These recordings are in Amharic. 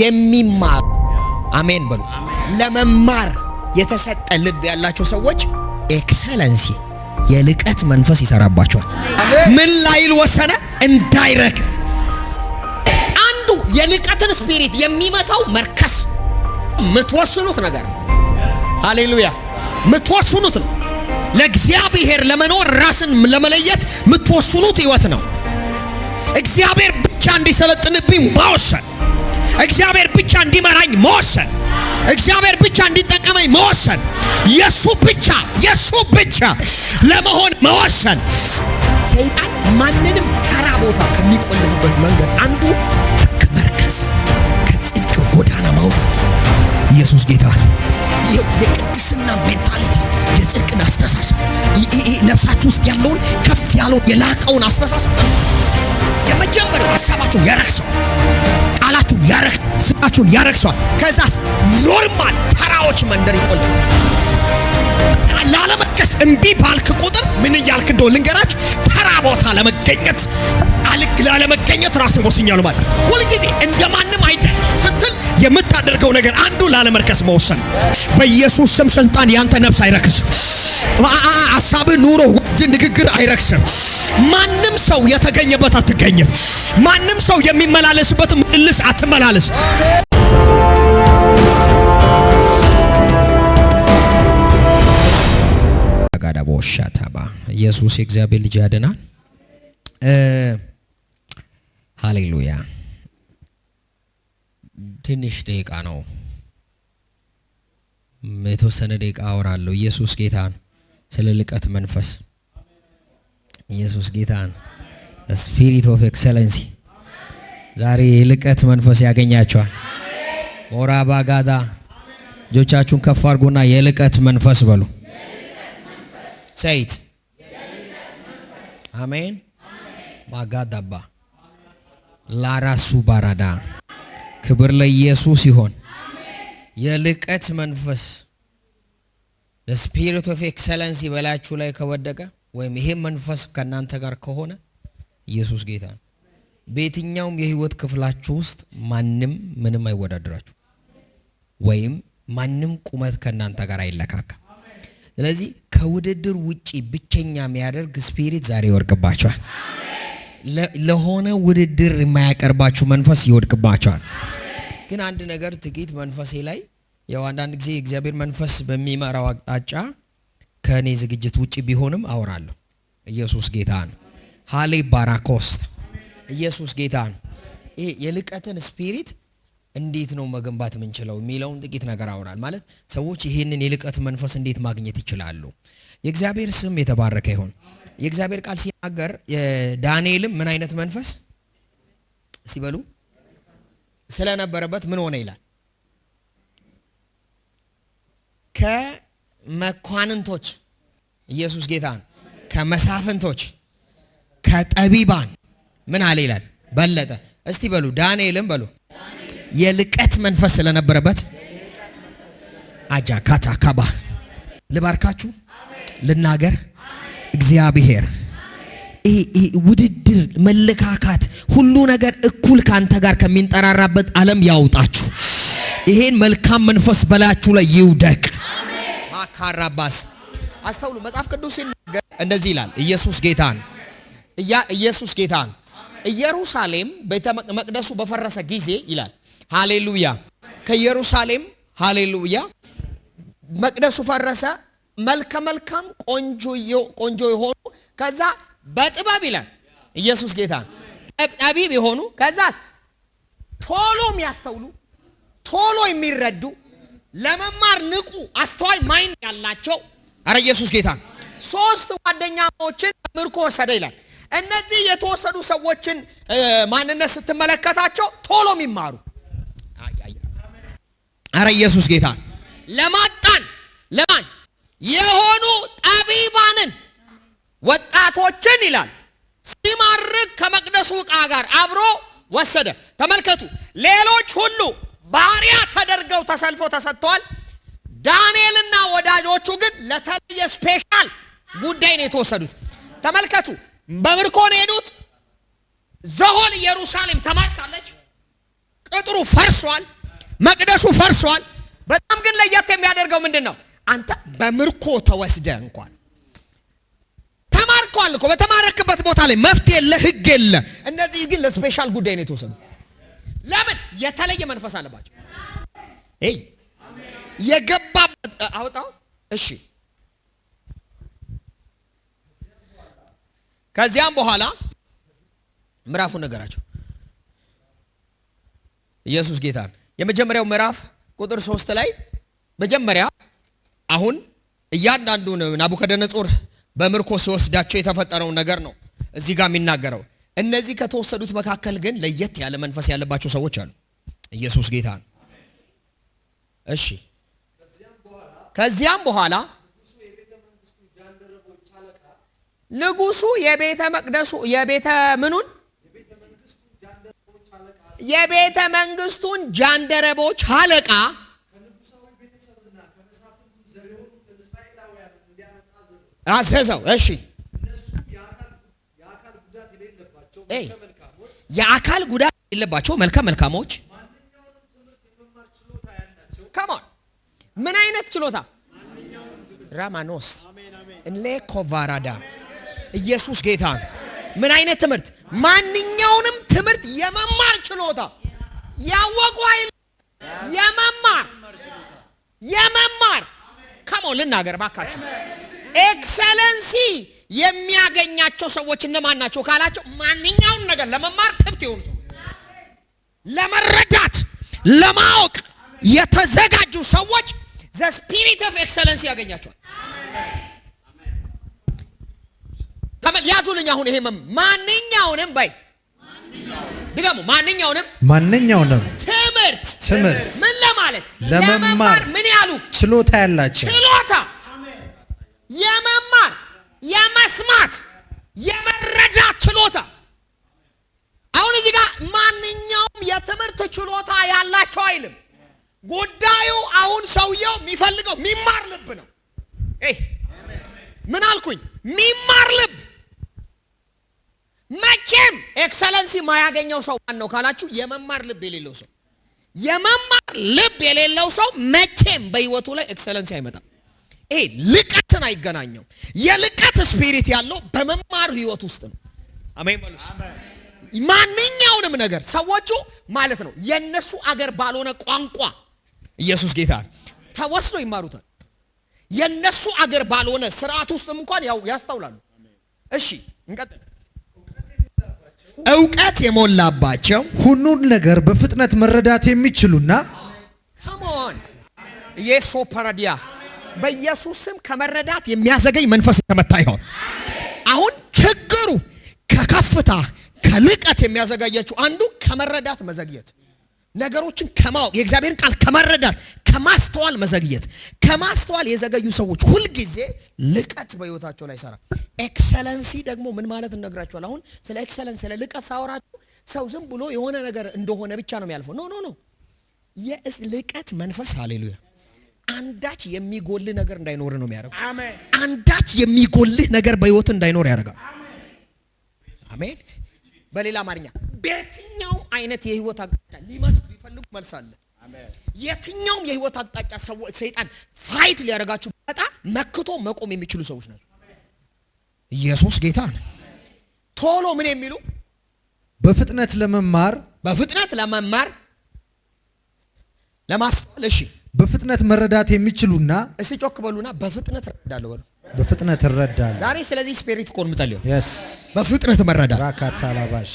የሚማሩ አሜን በሉ። ለመማር የተሰጠ ልብ ያላቸው ሰዎች ኤክሰለንሲ የልቀት መንፈስ ይሰራባቸዋል። ምን ላይል ወሰነ እንዳይረክ አንዱ የልቀትን ስፒሪት የሚመታው መርከስ ምትወስኑት ነገር ሃሌሉያ ምትወስኑት ነው። ለእግዚአብሔር ለመኖር ራስን ለመለየት ምትወስኑት ህይወት ነው። እግዚአብሔር ብቻ እንዲሰለጥንብኝ ባወሰን እግዚአብሔር ብቻ እንዲመራኝ መወሰን፣ እግዚአብሔር ብቻ እንዲጠቀመኝ መወሰን፣ የሱ ብቻ የሱ ብቻ ለመሆን መወሰን። ሰይጣን ማንንም ተራ ቦታ ከሚቆልፍበት መንገድ አንዱ ከመርከስ ከጽድቅ ጎዳና ማውጣት። ኢየሱስ ጌታ የቅድስና ሜንታሊቲ የጽድቅን አስተሳሰብ ነፍሳችሁ ውስጥ ያለውን ከፍ ያለውን የላቀውን አስተሳሰብ የመጀመሪያው ሀሳባችሁ የረክሰው ቃላችሁን ያረክ ስማችሁን ያረክሷል። ከዛስ ኖርማል ተራዎች መንደር ይቆልፋል። ላለመቀስ እምቢ ባልክ ቁጥር ምን እያልክ እንደሆነ ልንገራችሁ። ተራ ቦታ ለመገኘት አልክ ላለመገኘት ራስን ወስኛሉ ማለት ሁልጊዜ እንደማንም አይደ ስትል የምታደርገው ነገር አንዱ ላለመርከስ መወሰን። በኢየሱስ ስም ስልጣን ያንተ ነፍስ አይረክስ። ሀሳብ፣ ኑሮ፣ የፍርድ ንግግር አይረክስም። ማንም ሰው የተገኘበት አትገኝም። ማንም ሰው የሚመላለስበት ምልልስ አትመላለስ። ጋዳቦሻታባ ኢየሱስ የእግዚአብሔር ልጅ ያድናል። ሃሌሉያ። ትንሽ ደቂቃ ነው፣ የተወሰነ ደቂቃ አወራለሁ። ኢየሱስ ጌታ ነው። ስለ ልቀት መንፈስ ኢየሱስ ጌታ ነው። ስፒሪት ኦፍ ኤክሰለንሲ ዛሬ የልቀት መንፈስ ያገኛቸዋል። ሞራ ባጋዳ እጆቻችሁን ከፍ አድርጉና የልቀት መንፈስ በሉ ሰይት አሜን ማጋዳባ ላራሱ ባራዳ ክብር ለኢየሱስ ይሆን። የልቀት መንፈስ ስፒሪት ኦፍ ኤክሰለንሲ በላችሁ ላይ ከወደቀ ወይም ይሄ መንፈስ ከእናንተ ጋር ከሆነ ኢየሱስ ጌታ ነው። በየትኛውም የህይወት ክፍላችሁ ውስጥ ማንም ምንም አይወዳደራችሁ ወይም ማንም ቁመት ከእናንተ ጋር አይለካካ። ስለዚህ ከውድድር ውጪ ብቸኛ የሚያደርግ ስፒሪት ዛሬ ይወድቅባቸዋል። ለሆነ ውድድር የማያቀርባችሁ መንፈስ ይወድቅባቸዋል። ግን አንድ ነገር ጥቂት መንፈሴ ላይ ያው አንዳንድ ጊዜ የእግዚአብሔር መንፈስ በሚመራው አቅጣጫ ከእኔ ዝግጅት ውጭ ቢሆንም አወራለሁ። ኢየሱስ ጌታ ነው። ሃሌ ባራኮስት ኢየሱስ ጌታ ነው። ይሄ የልቀትን ስፒሪት እንዴት ነው መገንባት የምንችለው የሚለውን ጥቂት ነገር አወራል። ማለት ሰዎች ይህንን የልቀት መንፈስ እንዴት ማግኘት ይችላሉ? የእግዚአብሔር ስም የተባረከ ይሁን። የእግዚአብሔር ቃል ሲናገር ዳንኤልም ምን አይነት መንፈስ በሉ ስለነበረበት ምን ሆነ ይላል ከ መኳንንቶች ኢየሱስ ጌታን ከመሳፍንቶች ከጠቢባን ምን አለ ይላል በለጠ። እስቲ በሉ ዳንኤልም በሉ የልቀት መንፈስ ስለነበረበት አጃካታ ካባ ልባርካችሁ ልናገር እግዚአብሔር ውድድር፣ መለካካት፣ ሁሉ ነገር እኩል ከአንተ ጋር ከሚንጠራራበት ዓለም ያውጣችሁ። ይሄን መልካም መንፈስ በላያችሁ ላይ ይውደቅ። ካራባስ አስተውሉ። መጽሐፍ ቅዱስ ሲናገር እንደዚህ ይላል። ኢየሱስ ጌታን እያ ኢየሱስ ጌታን ኢየሩሳሌም ቤተ መቅደሱ በፈረሰ ጊዜ ይላል። ሃሌሉያ ከኢየሩሳሌም ሃሌሉያ መቅደሱ ፈረሰ። መልከ መልካም ቆንጆ የሆኑ ከዛ በጥበብ ይላል ኢየሱስ ጌታን ጠቢብ የሆኑ ከዛ ቶሎ የሚያስተውሉ ቶሎ የሚረዱ ለመማር ንቁ አስተዋይ ማይን ያላቸው አረ ኢየሱስ ጌታ ሶስት ጓደኛሞችን ምርኮ ወሰደ ይላል። እነዚህ የተወሰዱ ሰዎችን ማንነት ስትመለከታቸው ቶሎ የሚማሩ አረ ኢየሱስ ጌታ ለማጣን ለማን የሆኑ ጠቢባንን ወጣቶችን ይላል ሲማርክ ከመቅደሱ ዕቃ ጋር አብሮ ወሰደ። ተመልከቱ ሌሎች ሁሉ ባሪያ ተደርገው ተሰልፎ ተሰጥተዋል። ዳንኤልና ወዳጆቹ ግን ለተለየ ስፔሻል ጉዳይ ነው የተወሰዱት። ተመልከቱ፣ በምርኮ ነው የሄዱት። ዘሆል ኢየሩሳሌም ተማርካለች። ቅጥሩ ፈርሷል፣ መቅደሱ ፈርሷል። በጣም ግን ለየት የሚያደርገው ምንድን ነው? አንተ በምርኮ ተወስደ እንኳን ተማርኳል እኮ በተማረክበት ቦታ ላይ መፍትሄ ለህግ የለ። እነዚህ ግን ለስፔሻል ጉዳይ ነው የተወሰዱት። ለምን የተለየ መንፈስ አለባቸው? ይ የገባ አውጣው። እሺ ከዚያም በኋላ ምዕራፉን ነገራቸው። ኢየሱስ ጌታን የመጀመሪያው ምዕራፍ ቁጥር ሶስት ላይ መጀመሪያ አሁን እያንዳንዱ ናቡከደነጾር በምርኮ ሲወስዳቸው የተፈጠረውን ነገር ነው እዚህ ጋር የሚናገረው። እነዚህ ከተወሰዱት መካከል ግን ለየት ያለ መንፈስ ያለባቸው ሰዎች አሉ። ኢየሱስ ጌታ ነው። እሺ፣ ከዚያም በኋላ ንጉሱ የቤተ መቅደሱ የቤተ ምኑን የቤተ መንግስቱን ጃንደረቦች አለቃ አዘዘው። እሺ የአካል ጉዳት የሌለባቸው መልካም መልካሞች ከማን ምን አይነት ችሎታ ራማኖስ ኮቫራዳ፣ ኢየሱስ ጌታ ምን አይነት ትምህርት ማንኛውንም ትምህርት የመማር ችሎታ ያወቁ አይል የመማር የመማር ከማን ልናገር ባካችሁ ኤክሰለንሲ የሚያገኛቸው ሰዎች እነማን ናቸው ካላቸው ማንኛውን ነገር ለመማር ክፍት የሆኑ ለመረዳት ለማወቅ የተዘጋጁ ሰዎች ዘ ስፒሪት ኦፍ ኤክሰለንስ ያገኛቸዋል። ያዙልኝ። አሁን ይሄ ማንኛውንም ባይ ድገሙ። ማንኛውንም ማንኛውንም ትምህርት ትምህርት ምን ለማለት ለመማር ምን ያሉ ችሎታ ያላቸው ችሎታ የመማር የመስማት የመረዳት ችሎታ አሁን እዚህ ጋር ማንኛውም የትምህርት ችሎታ ያላቸው አይልም። ጉዳዩ አሁን ሰውየው የሚፈልገው ሚማር ልብ ነው። ምን አልኩኝ? ሚማር ልብ መቼም ኤክሰለንሲ ማያገኘው ሰው ማን ነው ካላችሁ፣ የመማር ልብ የሌለው ሰው። የመማር ልብ የሌለው ሰው መቼም በህይወቱ ላይ ኤክሰለንሲ አይመጣም። ይሄ ልቀትን አይገናኘው። የልቀት ስፒሪት ያለው በመማር ህይወት ውስጥ ነው። አሜን በሉስ። ማንኛውንም ነገር ሰዎቹ ማለት ነው የነሱ አገር ባልሆነ ቋንቋ ኢየሱስ ጌታ ተወስዶ ይማሩታል። የነሱ አገር ባልሆነ ስርዓት ውስጥም እንኳን ያው ያስተውላሉ። እሺ እንቀጥል። እውቀት የሞላባቸው ሁሉን ነገር በፍጥነት መረዳት የሚችሉና ከመሆን ፓራዲያ በኢየሱስ ስም ከመረዳት የሚያዘገኝ መንፈስ ተመታ ይሆን። አሁን ችግሩ ከከፍታ ከልቀት የሚያዘጋጃችሁ አንዱ ከመረዳት መዘግየት፣ ነገሮችን ከማወቅ የእግዚአብሔርን ቃል ከመረዳት ከማስተዋል መዘግየት። ከማስተዋል የዘገዩ ሰዎች ሁልጊዜ ልቀት በህይወታቸው ላይ ይሰራ። ኤክሰለንሲ ደግሞ ምን ማለት እነግራችኋል። አሁን ስለ ኤክሰለንስ ስለ ልቀት ሳወራችሁ ሰው ዝም ብሎ የሆነ ነገር እንደሆነ ብቻ ነው የሚያልፈው። ኖ ኖ ኖ፣ የልቀት መንፈስ ሃሌሉያ አንዳች የሚጎልህ ነገር እንዳይኖር ነው የሚያደርገው። አንዳች የሚጎልህ ነገር በህይወት እንዳይኖር ያደርጋል። አሜን። በሌላ አማርኛ በየትኛውም አይነት የህይወት አቅጣጫ ሊመቱ ቢፈልጉ መልስ አለ። የትኛውም የህይወት አቅጣጫ ሰይጣን ፋይት ሊያደርጋችሁ በጣ መክቶ መቆም የሚችሉ ሰዎች ናቸው። ኢየሱስ ጌታ ነው። ቶሎ ምን የሚሉ በፍጥነት ለመማር በፍጥነት ለመማር ለማስተዋል እሺ በፍጥነት መረዳት የሚችሉና እስቲ ጮክ በሉና በፍጥነት እረዳለሁ በሉ። በፍጥነት እረዳለሁ ዛሬ። ስለዚህ ስፒሪት እኮ ነው የምጸልየው። በፍጥነት መረዳት ራካታ ላባሽ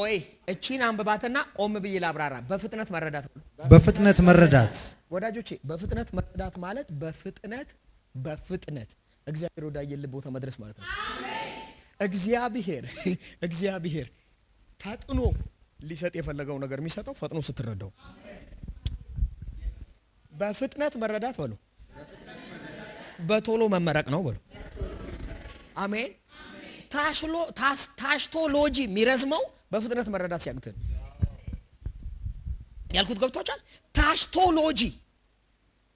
ቆይ እቺን አንብባትና ቆም ብዬ ላብራራ። በፍጥነት መረዳት በፍጥነት መረዳት ወዳጆቼ፣ በፍጥነት መረዳት ማለት በፍጥነት በፍጥነት እግዚአብሔር ወዳየልን ቦታ መድረስ ማለት ነው። እግዚአብሔር እግዚአብሔር ፈጥኖ ሊሰጥ የፈለገው ነገር የሚሰጠው ፈጥኖ ስትረዳው በፍጥነት መረዳት በሉ፣ በቶሎ መመረቅ ነው በሉ። አሜን። ታሽቶ ሎጂ የሚረዝመው በፍጥነት መረዳት ሲያቅትን ያልኩት ገብቶቻል። ታሽቶ ሎጂ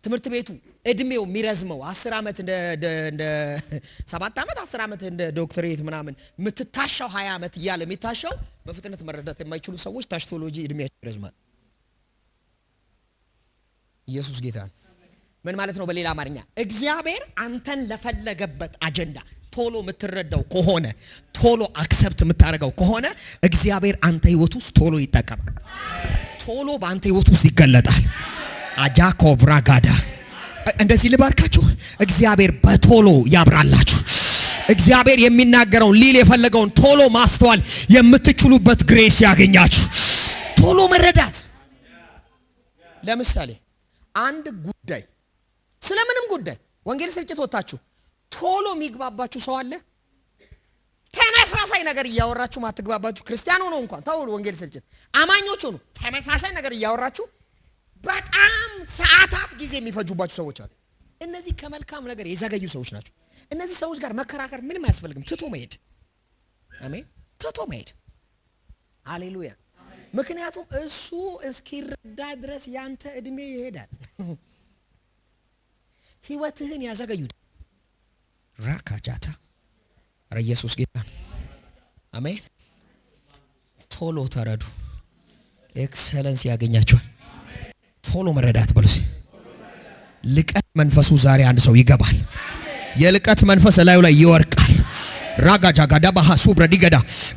ትምህርት ቤቱ እድሜው የሚረዝመው አስር ዓመት እንደ ሰባት ዓመት አስር ዓመት እንደ ዶክትሬት ምናምን የምትታሻው ሀያ ዓመት እያለ የሚታሻው በፍጥነት መረዳት የማይችሉ ሰዎች ታሽቶሎጂ እድሜያቸው ይረዝማል። ኢየሱስ ጌታ ነው። ምን ማለት ነው? በሌላ አማርኛ እግዚአብሔር አንተን ለፈለገበት አጀንዳ ቶሎ የምትረዳው ከሆነ ቶሎ አክሰፕት የምታደርገው ከሆነ እግዚአብሔር አንተ ህይወት ውስጥ ቶሎ ይጠቀማል። ቶሎ በአንተ ህይወት ውስጥ ይገለጣል። አጃኮብራ ጋዳ እንደዚህ ልባርካችሁ። እግዚአብሔር በቶሎ ያብራላችሁ። እግዚአብሔር የሚናገረውን ሊል የፈለገውን ቶሎ ማስተዋል የምትችሉበት ግሬስ ያገኛችሁ። ቶሎ መረዳት ለምሳሌ አንድ ጉዳይ ስለምንም ጉዳይ ወንጌል ስርጭት ወጥታችሁ ቶሎ የሚግባባችሁ ሰው አለ። ተመሳሳይ ነገር እያወራችሁ ማትግባባችሁ ክርስቲያን ሆኖ እንኳን ተው፣ ወንጌል ስርጭት አማኞች ሆኑ ተመሳሳይ ነገር እያወራችሁ በጣም ሰዓታት ጊዜ የሚፈጁባችሁ ሰዎች አሉ። እነዚህ ከመልካም ነገር የዘገዩ ሰዎች ናቸው። እነዚህ ሰዎች ጋር መከራከር ምንም አያስፈልግም። ትቶ መሄድ አሜን፣ ትቶ መሄድ አሌሉያ። ምክንያቱም እሱ እስኪረዳ ድረስ ያንተ እድሜ ይሄዳል፣ ህይወትህን ያዘገዩታል። ራካጃታ ኧረ ኢየሱስ ጌታ ነው። አሜን። ቶሎ ተረዱ። ኤክሰለንስ ያገኛቸዋል። ቶሎ መረዳት በሉሲ ልቀት መንፈሱ ዛሬ አንድ ሰው ይገባል። የልቀት መንፈስ ላዩ ላይ ይወርቃል። ራጋጃ ጋዳ ባሃሱ ብረዲ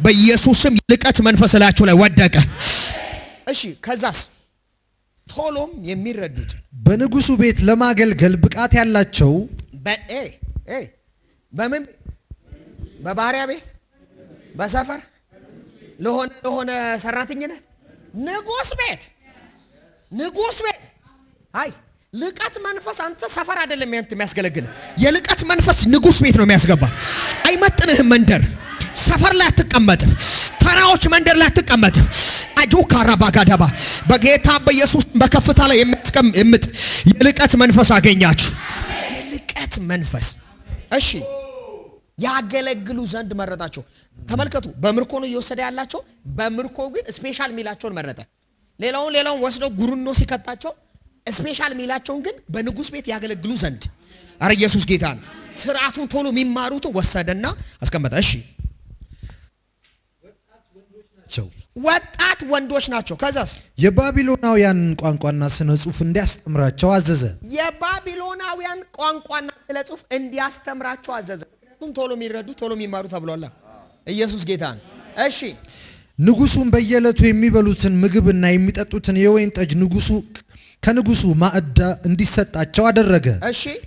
በኢየሱስም የልቀት መንፈስ ላያቸው ላይ ወደቀ። እሺ ከዛስ ቶሎም የሚረዱት በንጉሱ ቤት ለማገልገል ብቃት ያላቸው በምን በባሪያ ቤት በሰፈር ለሆነ ለሆነ ሰራተኝነት ንጉስ ቤት ንጉስ ቤት አይ ልቀት መንፈስ አንተ ሰፈር አይደለም ያንተ የሚያስገለግል የልቀት መንፈስ ንጉስ ቤት ነው የሚያስገባ። አይመጥንህም መንደር ሰፈር ላይ አትቀመጥ። ተራዎች መንደር ላይ አትቀመጥ አጆካ ራባጋዳባ በጌታ በኢየሱስ በከፍታ ላይ የሚያስቀምጥ የልቀት መንፈስ አገኛችሁ። የልቀት መንፈስ እሺ፣ ያገለግሉ ዘንድ መረጣቸው። ተመልከቱ፣ በምርኮ ነው እየወሰደ ያላቸው። በምርኮ ግን ስፔሻል ሚላቸውን መረጠ። ሌላውን ሌላውን ወስደው ጉሩኖ ሲከታቸው ስፔሻል ሚላቸውን ግን በንጉስ ቤት ያገለግሉ ዘንድ አረ ኢየሱስ ጌታ ነው። ስርዓቱን ቶሎ የሚማሩት ወሰደና አስቀመጠ። እሺ ወጣት ወንዶች ናቸው። ከዛስ የባቢሎናውያን ቋንቋና ስነ ጽሁፍ እንዲያስተምራቸው አዘዘ። የባቢሎናውያን ቋንቋና ስነ ጽሁፍ እንዲያስተምራቸው አዘዘ። ምክንያቱም ቶሎ የሚረዱ ቶሎ የሚማሩ ተብሏላ። ኢየሱስ ጌታ ነው። እሺ ንጉሱን በየዕለቱ የሚበሉትን ምግብና የሚጠጡትን የወይን ጠጅ ንጉሱ ከንጉሱ ማዕዳ እንዲሰጣቸው አደረገ።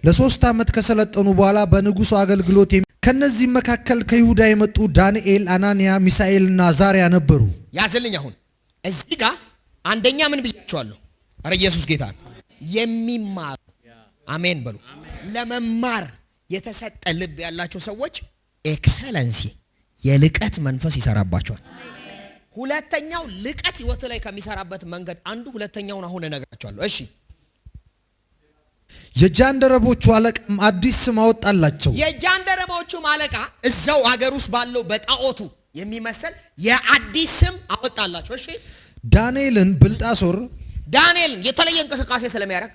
ለሶስት ዓመት ከሰለጠኑ በኋላ በንጉሱ አገልግሎት ከነዚህ መካከል ከይሁዳ የመጡ ዳንኤል፣ አናንያ፣ ሚሳኤልና ዛሪያ ነበሩ። ያዘልኝ። አሁን እዚህ ጋር አንደኛ ምን ብያቸዋለሁ? ኧረ ኢየሱስ ጌታ የሚማሩ አሜን በሉ። ለመማር የተሰጠ ልብ ያላቸው ሰዎች ኤክሰለንሲ የልቀት መንፈስ ይሰራባቸዋል። ሁለተኛው ልቀት ህይወት ላይ ከሚሰራበት መንገድ አንዱ ሁለተኛውን አሁን እነግራቸዋለሁ። እሺ የጃንደረቦቹ አለቃም አዲስ ስም አወጣላቸው። የጃንደረቦቹም አለቃ እዛው አገር ውስጥ ባለው በጣዖቱ የሚመስል የአዲስ ስም አወጣላቸው። እሺ ዳንኤልን ብልጣሶር ዳንኤልን የተለየ እንቅስቃሴ ስለሚያደርግ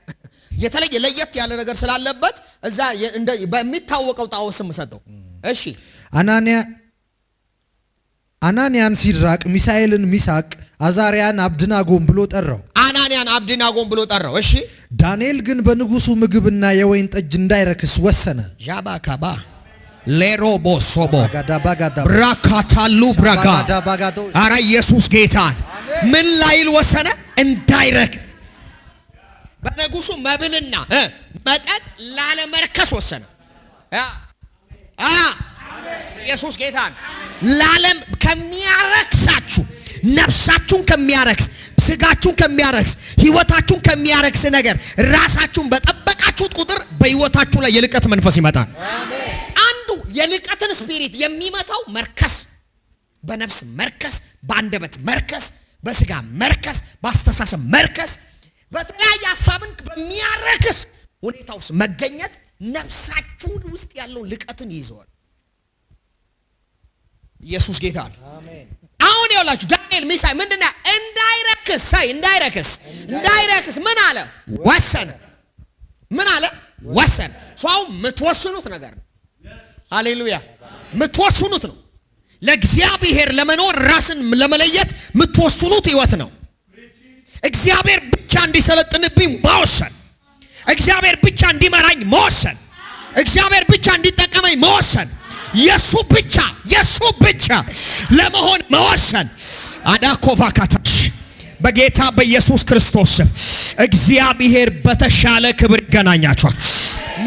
የተለየ ለየት ያለ ነገር ስላለበት እዛ በሚታወቀው ጣዖት ስም ሰጠው። እሺ አናንያ አናንያን ሲድራቅ፣ ሚሳኤልን ሚሳቅ፣ አዛሪያን አብድናጎን ብሎ ጠራው። አናንያን አብድናጎን ብሎ ጠራው። እሺ። ዳንኤል ግን በንጉሱ ምግብና የወይን ጠጅ እንዳይረክስ ወሰነ። ዣባካባ ሌሮ ቦሶቦ ብራካታሉ ብራጋ አረ ኢየሱስ ጌታን ምን ላይል ወሰነ? እንዳይረክ በንጉሱ መብልና መጠጥ ላለመርከስ ወሰነ። ኢየሱስ ጌታን ለዓለም ከሚያረክሳችሁ ነፍሳችሁን ከሚያረክስ ስጋችሁን ከሚያረክስ ህይወታችሁን ከሚያረክስ ነገር ራሳችሁን በጠበቃችሁት ቁጥር በህይወታችሁ ላይ የልቀት መንፈስ ይመጣል። አንዱ የልቀትን ስፒሪት የሚመታው መርከስ፣ በነፍስ መርከስ፣ በአንደበት መርከስ፣ በስጋ መርከስ፣ በአስተሳሰብ መርከስ፣ በተለያየ ሀሳብን በሚያረክስ ሁኔታ ውስጥ መገኘት ነፍሳችሁን ውስጥ ያለውን ልቀትን ይዘዋል። ኢየሱስ ጌታ ነው። አሁን ይውላችሁ ዳንኤል ሚሳይ ምንድን ነው? እንዳይረክስ ሳይ እንዳይረክስ እንዳይረክስ ምን አለ ወሰነ። ምን አለ ወሰነ። ሰው የምትወስኑት ነገር ነው። ሃሌሉያ የምትወስኑት ነው። ለእግዚአብሔር ለመኖር ራስን ለመለየት የምትወስኑት ህይወት ነው። እግዚአብሔር ብቻ እንዲሰለጥንብኝ መወሰን፣ እግዚአብሔር ብቻ እንዲመራኝ መወሰን፣ እግዚአብሔር ብቻ እንዲጠቀመኝ መወሰን የሱ ብቻ የሱ ብቻ ለመሆን መወሰን አዳኮቫካታሽ በጌታ በኢየሱስ ክርስቶስ እግዚአብሔር በተሻለ ክብር ይገናኛቸዋል።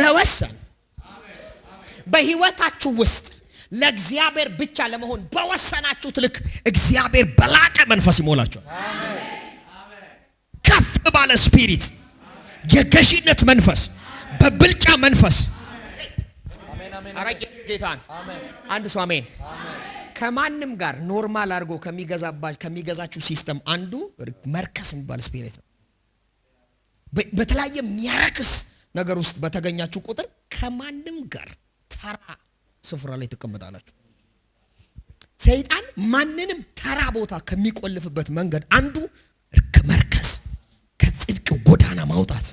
መወሰን በህይወታችሁ ውስጥ ለእግዚአብሔር ብቻ ለመሆን በወሰናችሁት ልክ እግዚአብሔር በላቀ መንፈስ ይሞላቸዋል። ከፍ ባለ ስፒሪት፣ የገዢነት መንፈስ፣ በብልጫ መንፈስ አራቂቱ ጌታን አንድ ሰው አሜን። ከማንም ጋር ኖርማል አድርጎ ከሚገዛችሁ ሲስተም አንዱ መርከስ የሚባል ስፒሪት ነው። በተለያየ የሚያረክስ ነገር ውስጥ በተገኛችሁ ቁጥር ከማንም ጋር ተራ ስፍራ ላይ ትቀመጣላችሁ። ሰይጣን ማንንም ተራ ቦታ ከሚቆልፍበት መንገድ አንዱ መርከስ፣ ከጽድቅ ጎዳና ማውጣት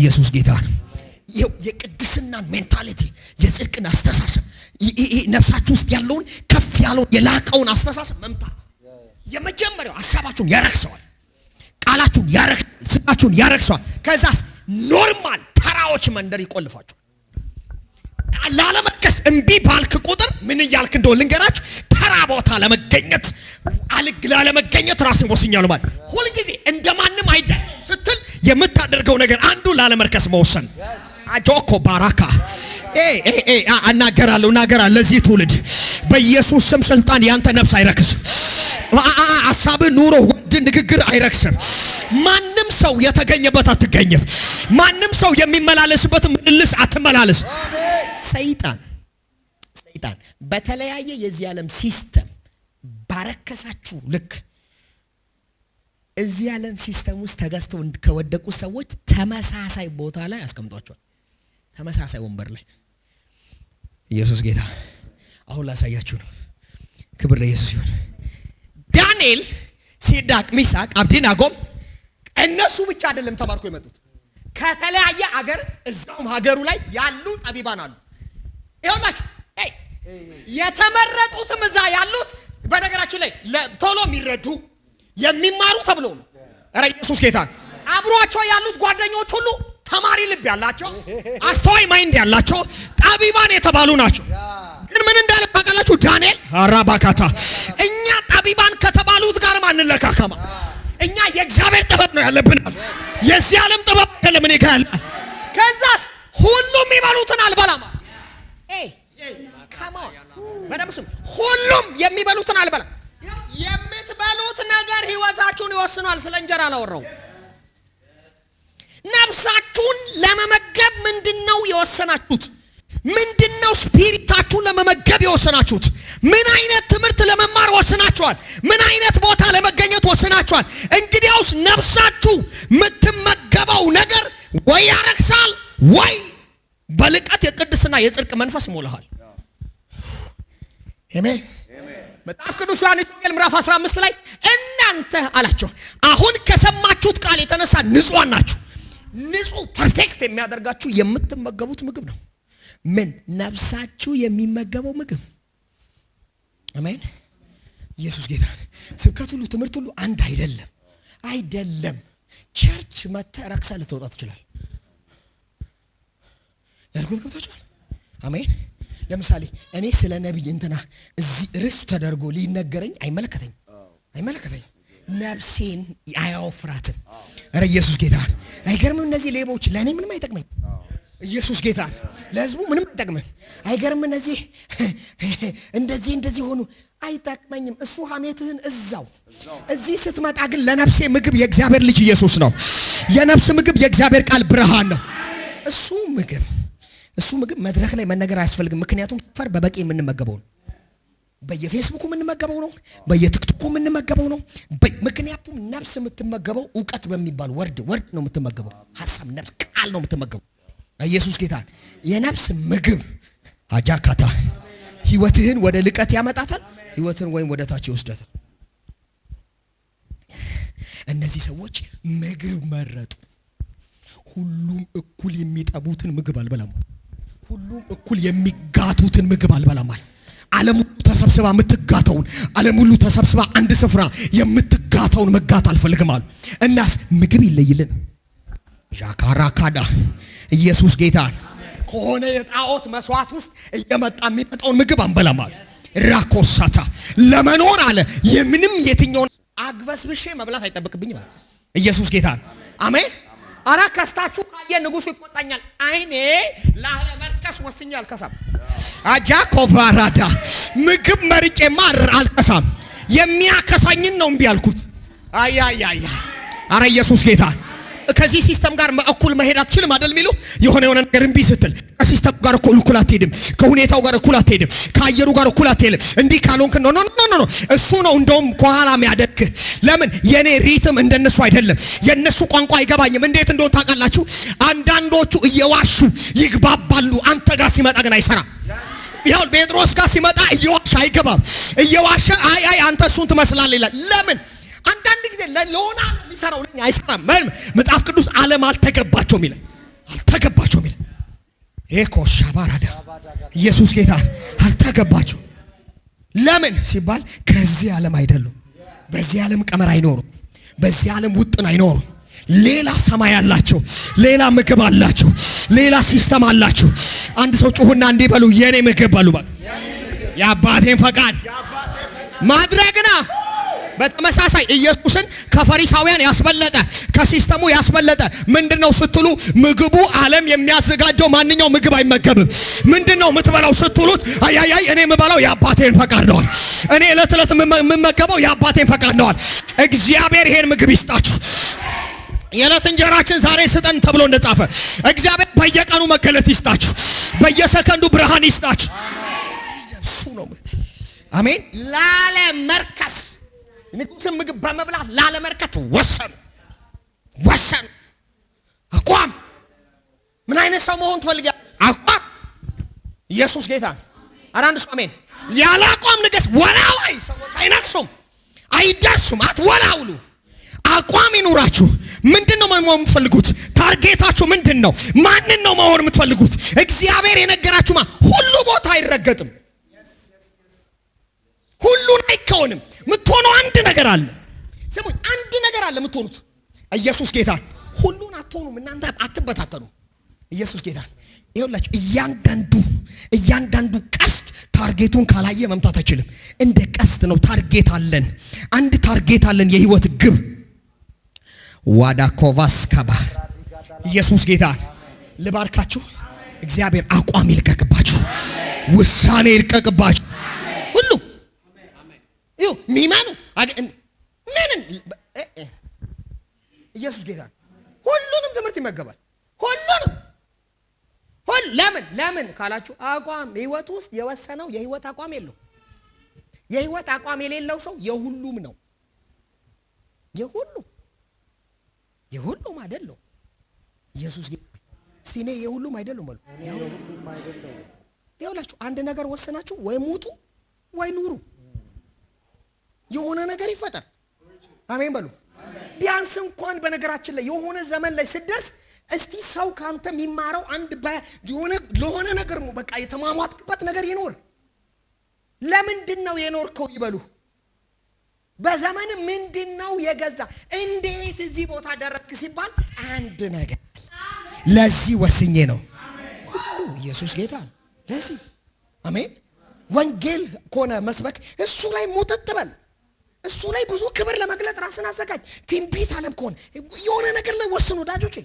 ኢየሱስ ጌታ ነው። የቅድስናን ሜንታሊቲ የጽድቅን አስተሳሰብ ነፍሳችሁ ውስጥ ያለውን ከፍ ያለውን የላቀውን አስተሳሰብ መምታት የመጀመሪያው ሀሳባችሁን ያረክሰዋል፣ ቃላችሁን ያረክ ስራችሁን ያረክሰዋል። ከዛስ ኖርማል ተራዎች መንደር ይቆልፋችሁ። ላለመድገስ እምቢ ባልክ ቁጥር ምን እያልክ እንደሆነ ልንገራችሁ። ተራ ቦታ ለመገኘት አልግ ላለመገኘት ራስን ወስኛሉ ማለት ሁልጊዜ እንደማንም አይደለም ስትል የምታደርገው ነገር አንዱ ላለመርከስ መወሰን አጆኮ ባራካ እናገራለሁ እናገራለሁ ለዚህ ትውልድ በኢየሱስ ስም ስልጣን ያንተ ነፍስ አይረክስም። አሳብ፣ ኑሮ፣ ውድ ንግግር አይረክስም። ማንም ሰው የተገኘበት አትገኝም። ማንም ሰው የሚመላለስበት ምልልስ አትመላለስ። ሰይጣን ሰይጣን በተለያየ የዚህ ዓለም ሲስተም ባረከሳችሁ ልክ እዚህ ዓለም ሲስተም ውስጥ ተገዝተው ከወደቁ ሰዎች ተመሳሳይ ቦታ ላይ አስቀምጧቸዋል። ተመሳሳይ ወንበር ላይ ኢየሱስ ጌታ። አሁን ላሳያችሁ ነው። ክብር ለኢየሱስ ይሁን። ዳንኤል፣ ሲድራቅ፣ ሚሳቅ አብዲናጎም እነሱ ብቻ አይደለም ተማርኮ የመጡት ከተለያየ አገር እዛውም ሀገሩ ላይ ያሉ ጠቢባን አሉ። ይኸውላችሁ የተመረጡትም እዛ ያሉት በነገራችን ላይ ቶሎ የሚረዱ የሚማሩ ተብሎ ነው። ኧረ ኢየሱስ ጌታ አብሯቸው ያሉት ጓደኞች ሁሉ ተማሪ ልብ ያላቸው አስተዋይ ማይንድ ያላቸው ጠቢባን የተባሉ ናቸው። ግን ምን እንዳለ ታውቃላችሁ? ዳንኤል አራባካታ እኛ ጠቢባን ከተባሉት ጋር ማንለካከማ። እኛ የእግዚአብሔር ጥበብ ነው ያለብናል። የዚህ ዓለም ጥበብ አይደለም። እኔ ጋር ያለ ከዛስ ሁሉም የሚበሉትን አልበላማ። በደምብ ስም ሁሉም የሚበሉትን አልበላም። የምትበሉት ነገር ህይወታችሁን ይወስኗል። ስለ እንጀራ አላወራሁም። ነፍሳችሁን ለመመገብ ምንድን ነው የወሰናችሁት? ምንድን ነው ስፒሪታችሁን ለመመገብ የወሰናችሁት? ምን አይነት ትምህርት ለመማር ወስናችኋል? ምን አይነት ቦታ ለመገኘት ወስናችኋል? እንግዲያውስ ነፍሳችሁ የምትመገበው ነገር ወይ ያረክሳል ወይ በልቀት የቅድስና የጽድቅ መንፈስ ይሞልሃል። አሜን። መጽሐፍ ቅዱስ ዮሐንስ ወንጌል ምዕራፍ 15 ላይ እናንተ አላቸው አሁን ከሰማችሁት ቃል የተነሳ ንጹሐን ናችሁ ንጹህ ፐርፌክት የሚያደርጋችሁ የምትመገቡት ምግብ ነው። ምን ነፍሳችሁ የሚመገበው ምግብ አሜን። ኢየሱስ ጌታ። ስብከት ሁሉ ትምህርት ሁሉ አንድ አይደለም አይደለም። ቸርች መተህ ረክሳ ልትወጣ ትችላል። ያልኩት ገብታችኋል? አሜን። ለምሳሌ እኔ ስለ ነቢይ እንትና እዚህ ርዕሱ ተደርጎ ሊነገረኝ አይመለከተኝ አይመለከተኝ። ነፍሴን አያወፍራትም። ኧረ ኢየሱስ ጌታ አይገርምም? እነዚህ ሌቦች ለእኔ ምንም አይጠቅመኝ። ኢየሱስ ጌታ ለህዝቡ ምንም አይጠቅምም። አይገርም? እነዚህ እንደዚህ እንደዚህ ሆኑ አይጠቅመኝም። እሱ ሐሜትህን እዛው እዚህ ስትመጣ ግን ለነፍሴ ምግብ የእግዚአብሔር ልጅ ኢየሱስ ነው። የነፍስ ምግብ የእግዚአብሔር ቃል ብርሃን ነው። እሱ ምግብ እሱ ምግብ መድረክ ላይ መነገር አያስፈልግም። ምክንያቱም ፈር በበቂ የምንመገበው ነው። በየፌስቡኩ የምንመገበው ነው፣ በየቲክቶኩ የምንመገበው ነው። ምክንያቱም ነፍስ የምትመገበው እውቀት በሚባል ወርድ ወርድ ነው የምትመገበው፣ ሀሳብ ነፍስ ቃል ነው የምትመገበው። ኢየሱስ ጌታ የነፍስ ምግብ አጃካታ ህይወትህን ወደ ልቀት ያመጣታል፣ ህይወትን ወይም ወደ ታች ይወስደታል። እነዚህ ሰዎች ምግብ መረጡ። ሁሉም እኩል የሚጠቡትን ምግብ አልበላም፣ ሁሉም እኩል የሚጋቱትን ምግብ አልበላም አለም ተሰብስባ የምትጋተውን ዓለም ሁሉ ተሰብስባ አንድ ስፍራ የምትጋተውን መጋት አልፈልግም አሉ። እናስ ምግብ ይለይልን ዣካራ ካዳ ኢየሱስ ጌታ ከሆነ የጣዖት መስዋዕት ውስጥ እየመጣ የሚመጣውን ምግብ አንበላም አሉ። ራኮሳታ ለመኖር አለ የምንም የትኛውን አግበስብሼ መብላት አይጠብቅብኝ። ኢየሱስ ጌታ አሜን። አራ ከስታችሁ ካየ ንጉሱ ይቆጣኛል። አይኔ ላለመርከስ ወስኜ አልከሳም። አጃ ኮቫራዳ ምግብ መርጬ ማር አልከሳም። የሚያከሳኝን ነው እምቢ አልኩት። አያ አረ ኢየሱስ ጌታ ከዚህ ሲስተም ጋር እኩል መሄድ አትችልም አይደል የሚሉ የሆነ የሆነ ነገር እምቢ ስትል ከሲስተም ጋር እኩል እኩል አትሄድም፣ ከሁኔታው ጋር እኩል አትሄድም፣ ከአየሩ ጋር እኩል አትሄድም። እንዲህ ካልሆንክ ኖ ኖ ኖ እሱ ነው እንደውም ከኋላ የሚያደርግ። ለምን የእኔ ሪትም እንደነሱ አይደለም፣ የእነሱ ቋንቋ አይገባኝም። እንዴት እንደሆነ ታውቃላችሁ? አንዳንዶቹ እየዋሹ ይግባባሉ። አንተ ጋር ሲመጣ ግን አይሰራ ያው ጴጥሮስ ጋር ሲመጣ እየዋሸ አይገባም። እየዋሸ አይ አይ አንተ እሱን ትመስላለህ ይላል። ለምን አንዳንድ ጊዜ ለሎና ዓለም የሚሰራው ለኛ አይሰራም። መጽሐፍ ቅዱስ ዓለም አልተገባቸውም ይላል። አልተገባቸውም ይላል። ኤኮ ሻባራዳ ኢየሱስ ጌታ አልተገባቸው። ለምን ሲባል ከዚህ ዓለም አይደሉም። በዚህ ዓለም ቀመር አይኖሩም። በዚህ ዓለም ውጥን አይኖሩም። ሌላ ሰማይ አላቸው። ሌላ ምግብ አላቸው። ሌላ ሲስተም አላቸው። አንድ ሰው ጩሁና እንዲበሉ የኔ ምግብ በሉ። በቃ የአባቴን ፈቃድ ማድረግና በተመሳሳይ ኢየሱስን ከፈሪሳውያን ያስበለጠ ከሲስተሙ ያስበለጠ ምንድን ነው ስትሉ፣ ምግቡ ዓለም የሚያዘጋጀው ማንኛው ምግብ አይመገብም። ምንድን ነው የምትበላው ስትሉት፣ አያያይ እኔ የምበላው የአባቴን ፈቃድ ነዋል። እኔ ዕለት ዕለት የምመገበው የአባቴን ፈቃድ ነዋል። እግዚአብሔር ይሄን ምግብ ይስጣችሁ። የዕለት እንጀራችን ዛሬ ስጠን ተብሎ እንደጻፈ እግዚአብሔር በየቀኑ መገለጥ ይስጣችሁ፣ በየሰከንዱ ብርሃን ይስጣችሁ። ኢየሱስ ነው። አሜን። ላለ መርከስ ንጉሥን ምግብ በመብላት ላለመርከት ወሰኑ ወሰኑ። አቋም ምን አይነት ሰው መሆን ትፈልጋ? አቋም ኢየሱስ ጌታ አራንድ ሰው አሜን። ያለ አቋም ንገስ ወላዋይ ሰዎች አይነግሱም፣ አይደርሱም፣ አትወላውሉ። አቋም ይኑራችሁ። ምንድን ነው መሆን የምትፈልጉት? ታርጌታችሁ ምንድን ነው? ማንን ነው መሆን የምትፈልጉት? እግዚአብሔር ማ ሁሉ ቦታ አይረገጥም፣ ሁሉን አይከውንም። የምትሆነው አንድ ነገር አለ። ስሙኝ፣ አንድ ነገር አለ የምትሆኑት። ኢየሱስ ጌታ። ሁሉን አትሆኑም እናንተ፣ አትበታተኑ። ኢየሱስ ጌታ። ይኸውላችሁ እያንዳንዱ እያንዳንዱ ቀስት ታርጌቱን ካላየ መምታት አይችልም። እንደ ቀስት ነው። ታርጌት አለን፣ አንድ ታርጌት አለን፣ የህይወት ግብ ዋዳ ኮቫስካባ ኢየሱስ ጌታ ልባርካችሁ። እግዚአብሔር አቋም ይልቀቅባችሁ፣ ውሳኔ ይልቀቅባችሁ። ይሁ ሚማኑ ምንን ኢየሱስ ጌታ ነው። ሁሉንም ትምህርት ይመገባል። ሁሉንም ለምን ለምን ካላችሁ አቋም ህይወት ውስጥ የወሰነው የህይወት አቋም የለው። የህይወት አቋም የሌለው ሰው የሁሉም ነው። የሁሉም የሁሉም አይደለው። ኢየሱስ እስቲ እኔ የሁሉም አይደለም በሉ። ይኸውላችሁ አንድ ነገር ወሰናችሁ ወይ ሙቱ ወይ ኑሩ የሆነ ነገር ይፈጠር። አሜን በሉ። ቢያንስ እንኳን በነገራችን ላይ የሆነ ዘመን ላይ ስደርስ እስቲ ሰው ከአንተ የሚማረው አንድ ለሆነ ነገር ነው። በቃ የተሟሟትክበት ነገር ይኖር። ለምንድን ነው የኖርከው ይበሉ። በዘመን ምንድን ነው የገዛ? እንዴት እዚህ ቦታ ደረስክ ሲባል አንድ ነገር ለዚህ ወስኜ ነው። ኢየሱስ ጌታ ለዚህ አሜን። ወንጌል ከሆነ መስበክ እሱ ላይ ሞተት በል እሱ ላይ ብዙ ክብር ለመግለጥ ራስን አዘጋጅ። ትንቢት አለም ከሆነ የሆነ ነገር ላይ ወስኑ ወዳጆቼ።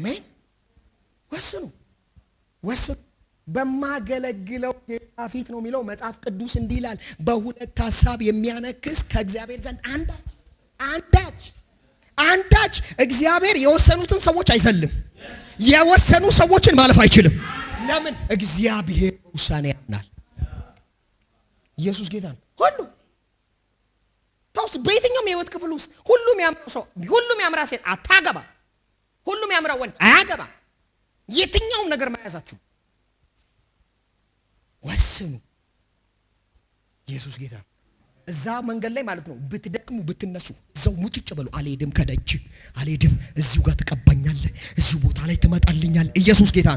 አሜን። ወስኑ ወስኑ። በማገለግለው ጌታ ፊት ነው የሚለው መጽሐፍ ቅዱስ እንዲህ ይላል፣ በሁለት ሀሳብ የሚያነክስ ከእግዚአብሔር ዘንድ አንዳች አንዳች አንዳች እግዚአብሔር የወሰኑትን ሰዎች አይዘልም። የወሰኑ ሰዎችን ማለፍ አይችልም። ለምን? እግዚአብሔር ውሳኔ ያምናል። ኢየሱስ ጌታ ነው። ሁሉ ታውስ በየትኛውም የህይወት ክፍል ውስጥ ሁሉም ያምረው ሰው ሁሉም ያምራ ሴት አታገባ። ሁሉም ያምራ ወንድ አያገባ። የትኛውም ነገር መያዛችሁ ወስኑ። ኢየሱስ ጌታ ነው። እዛ መንገድ ላይ ማለት ነው ብትደክሙ ብትነሱ እዛው ሙጭጭ በሉ። አልሄድም ከደጅ አልሄድም፣ እዚሁ ጋር ትቀባኛለህ፣ እዚሁ ቦታ ላይ ትመጣልኛል። ኢየሱስ ጌታ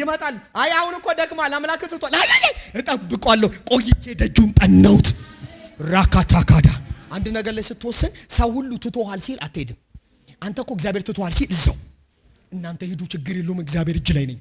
ይመጣል። አይ አሁን እኮ ደክማል፣ አምላክ ትቷል። አይ እጠብቋለሁ፣ ቆይቼ ደጁን ጠናሁት። ራካታካዳ አንድ ነገር ላይ ስትወስን ሰው ሁሉ ትቶሃል ሲል አትሄድም። አንተ እኮ እግዚአብሔር ትቶሃል ሲል እዛው እናንተ ሂዱ፣ ችግር የለውም፣ እግዚአብሔር እጅ ላይ ነኝ